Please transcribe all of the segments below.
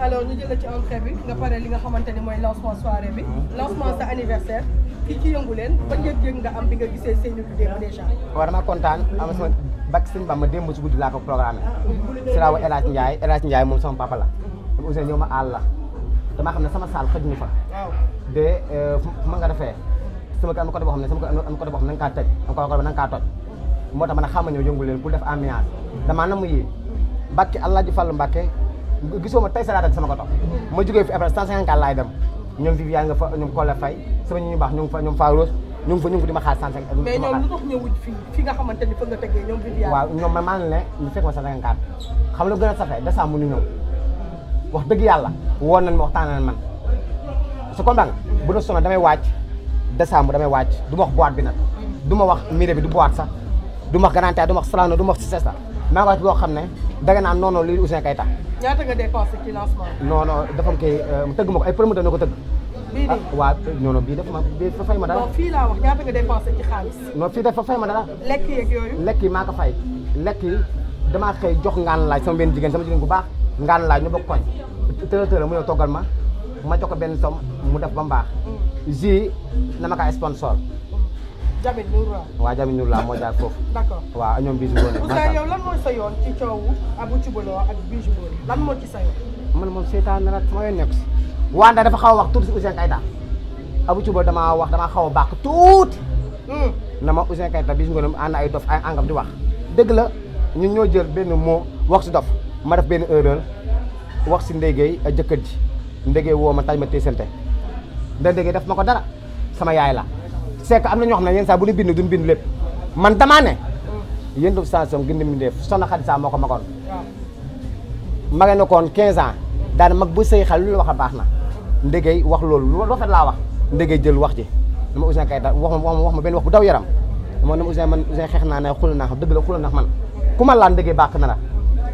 alors ñu jël ci entrée bi nga pare li nga xamante ni mooy lancement soirée bi lancement sa anniversaire ki ci yëngu leen ba nga am bi nga gisee Seynabou bu démb déjà waaw dama kontaan am sama bakk sëñ si démb si guddi laa ko programmé laa woo El Hadj Ndiaye El Hadj Ndiaye moom sama papa la dama aussi ñëw ma àll la damaa xam ne sama saal xëj ñu fa de euh, fu ma nga defee sama kër am côté boo xam ne sama kër am côté boo xam ne nanga na tëj am côté boo xam ma nanga kaa ñëw yëngu leen pour def ambiance damaa na mu yii Mbàkke Alaaji Fallu Mbàkke gisoo ma tey sa laa rek sama ko topp ma jógee fi après cent cinquante laay dem ñoom Viviane nga fa ñoom Kola Faye sama ñu ñu ma xaar cent nga xamante ni fa nga tëggee ñoom Viviane waaw ñoom man maa ngi ne ñu fekk ma cent cinquante gën a safee décembre ñu ñëw wax dëgg yàlla woon nañ ma waxtaan nañ man su comprendre bu na sonn damay wàcc décembre damay wàcc du ma wax boîte bi nag du ma wax mire bi du boîte sax du ma wax garantie du ma wax Sorano du ma si Cissé sax mariage boo xam ne danga naa non non use kay ta ñaata nga dépensé ci lancement non non dafa am kay euh, tëgg ma ko ay promoteur na ko tëgg. bii nii ah, bii dafa ma bii dafa fay dara. non fii laa wax ñaata nga dépensé fii dafa fay ma dara. lekk yeeg maa ko fay lekk yi damaa xëy jox ngaan laaj sama benn jigéen sama jigéen bu baax ngaan laaj ñu bokk koñ tëral tëral mu ñëw toggal ma ma jox ko benn som mu def ba mbaax mm. ji na ma kaa sponsor Jamil Noura waaw Jamil Noura moo jaar foofu. d'accord waaw ñoom Bijou Ngoné. Ousseyn yow lan mooy sa yoon ci coowu Abou Thioubalo ak Bijou Ngoné lan moo sa man moom seetaan na la sama yoon nekk si. waaw ndax dafa xaw a wax tuuti si Ousseyn Kayta Abou Thioubalo damaa wax damaa xaw a baax tuuti. Hmm. na ma Ousseyn Kayta Bijou Ngoné ànd ay dof ay angam di wax. dëgg la ñu ñoo jël benn moo wax si dof ma def benn erreur wax si a jëkkër ji ndéggéey woo ma taj ma téesante nda ndéggéey def ma ko dara sama yaay la. c'est am na ñu xam na yenn saa bu ñu bind duñ bind lépp man damaa ne yéen daf station gën mi def soxna Xadi Saa moo ko magoon mage na koon 15 ans daana mag bu sëy xale lu la wax a baax na ndégey wax loolu lu rafet laa wax ndégey jël wax ji dama Ouzin Keita wax ma wax ma benn wax bu daw yaram dama ne Ouzin man Ouzin xeex naa ne xul naa xam dëgg la xula naa man ku ma laal baax na la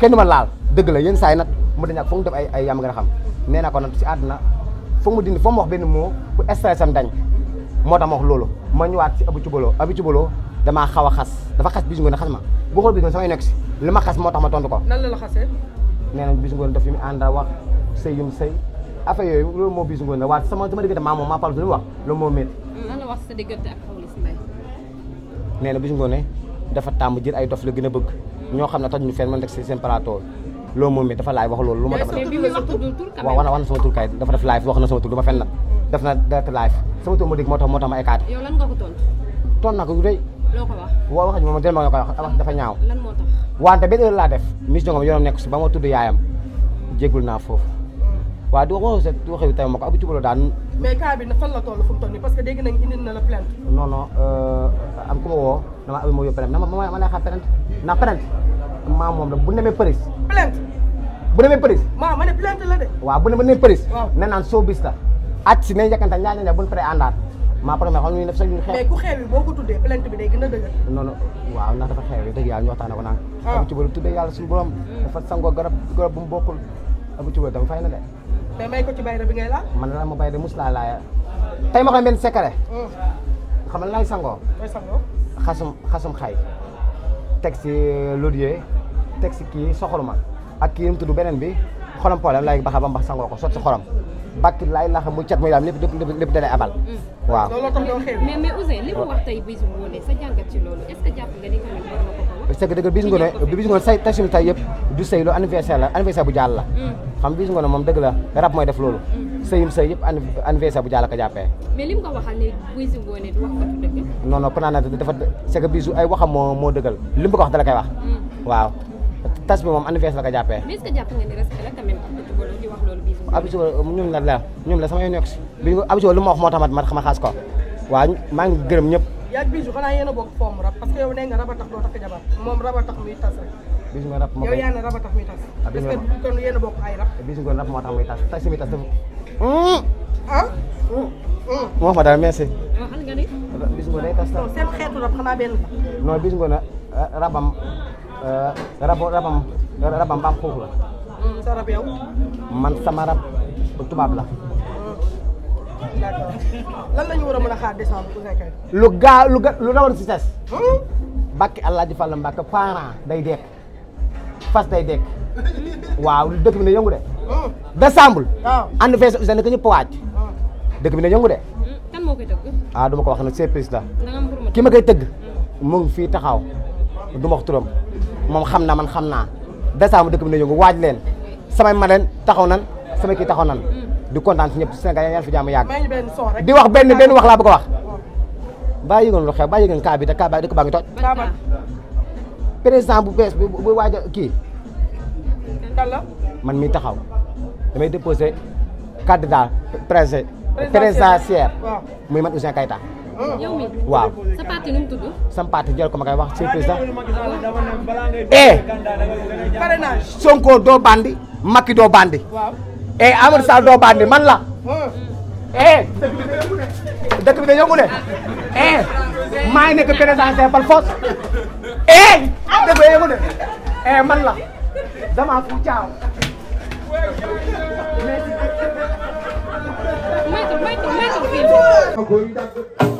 kenn ma laal dëgg la yenn saa yi mu dañ ak foog ay ay yam nga xam nee naa ko nag si àdduna foog mu dindi foog mu wax benn mot bu sam dañ moo tax ma wax loolu ñëwaat si Abou Thioubalo Abou Thioubalo damaa xaw a xas dafa xas bis ngoon xas ma bu xool bis ngoon samay nekk si li ma xas moo tax ma tontu ko. nan la la xasee. nee nañ daf yu mu ànd a wax sëy yu mu sëy yooyu loolu moo bis ngoon sama sama diggante maa moom maa parle lu wax moo métti. lan la wax sa diggante ak Pawlish jël ay dof la gën a bëgg ñoo xam ne toj ñu fenn man rek si seen plateau loolu moom it dafa lu ma def. waaw wax na sama tur kay dafa def live wax na sama tur du ma fenn nag mm. def na def live sama tur moo dégg moo tax moo tax ma écarté. E yow lan nga ko tontu. tontu naa ko rëy. loo moom delluwaat nga koy wax dafa ñaaw. lan moo tax. laa def. Miss Ndongo yoonam nekk si ba ma tudd yaayam jégalu naa foofu. Mm. waa du waxoo sa du waxee ko ab tubaab la daan. mais cas e bi fan la toll fu mu toll nii parce que dégg nañ indi na la plainte. non non euh, am ku ma woo damaa am ma yóbbu plainte ma ma ma lay xaar plainte ndax moom la bu ñu demee Paris. bu demee Paris. ma ne plainte la bu demee Paris. waaw nee naan soo bis àcc si nañ yàkkante ñaar ñaar buñ paree àndaat maa problème xam ñuy def sax ñu xeex mais ku xeew yi boo ko tuddee plainte bi day gën a dëgër non non waaw ndax dafa xeew yi dëgg yàlla ñu waxtaane ko naan ah. abu ci ba tuddee yàlla suñu borom hmm. dafa sangoo garab garab bu mu bokkul ba dafa fay na de mais may ko ci bayra la ma bayra mos laa laaya tey ma xam benn secret hmm. xam nga laay sangoo xasum xasum xay teg si eh, lodier teg si kii soxoruma ak kii nu tudd bi xorom problème laay baxal ba mbax sangoo ko sot si xorom bàkki laay laxa mu cat sa jàngat ci loolu est-ce say tasim tay bu jàll la mm. xam bis mooy def loolu mm. sëyum sëy yëpp anniversaire bu jàll ka jàppee mais lim ko waxal ne ay waxam moo moo dëggal lim ko wax dala koy wax mm. waaw tas bi moom anniversaire la ko jàppee. mais est-ce que jàpp nga ni respect la bi Abdou Sow ma wax moo tax ma xama xaas ko waaw maa ngi gërëm ñëpp. yaa ngi bisu xanaa yéen a bokk foom rab parce que yow nee nga raba tax doo takk jabar moom raba tax muy tas rek. bisu nga rab moo koy yow yaa ne raba tax muy tas. ah bisu a tax muy tas tas si muy hmm? Ah? Hmm? Hmm? rab eh, rabam rabam mbaam xuux la. Mm, man sama rab tubaab la. Mm, lan la ñu war lu ga lu rawoon si ses. Mbàkke hmm? Alaaji Fall Mbàkke parent day dekk fas day dekk waaw lu dëkk bi ne yëngu de. Hmm. décembre. waaw ah. anniversaire usine que ñëpp waaj. Hmm. dëkk bi ne yëngu de. kan moo ah, ko wax nag surprise la. ki ma tëgg. mu fii taxaw du ma wax moom xam na man xam naa dèjà mu dëkk bi na yëngu waaj leen samay ma leen taxaw nan sama kii taxaw nan mm. di kontaan si ñëpp Sénégal yàlla fi mu yàgg di wax benn benn wax laa bëgg a wax oh. baa yëgoon lu xew baa yëgoon kaa bi te kaa baa dëkk baa ngi toj président bu bees bu bu waaj a kii man mii taxaw damay déposé candidat présidentiel muy man Ouzin Keïta yow mi waaw sa parti nu mu tudd. sam parti jël ko ma koy wax ci président. eh. Sonko doo bandi. Macky doo bandi. eh Amadou Sall doo bandi man la. eh dëkk bi de yëngu ne. eh maa ngi nekk président par force. eh dëkk bi de yëngu ne. eh man la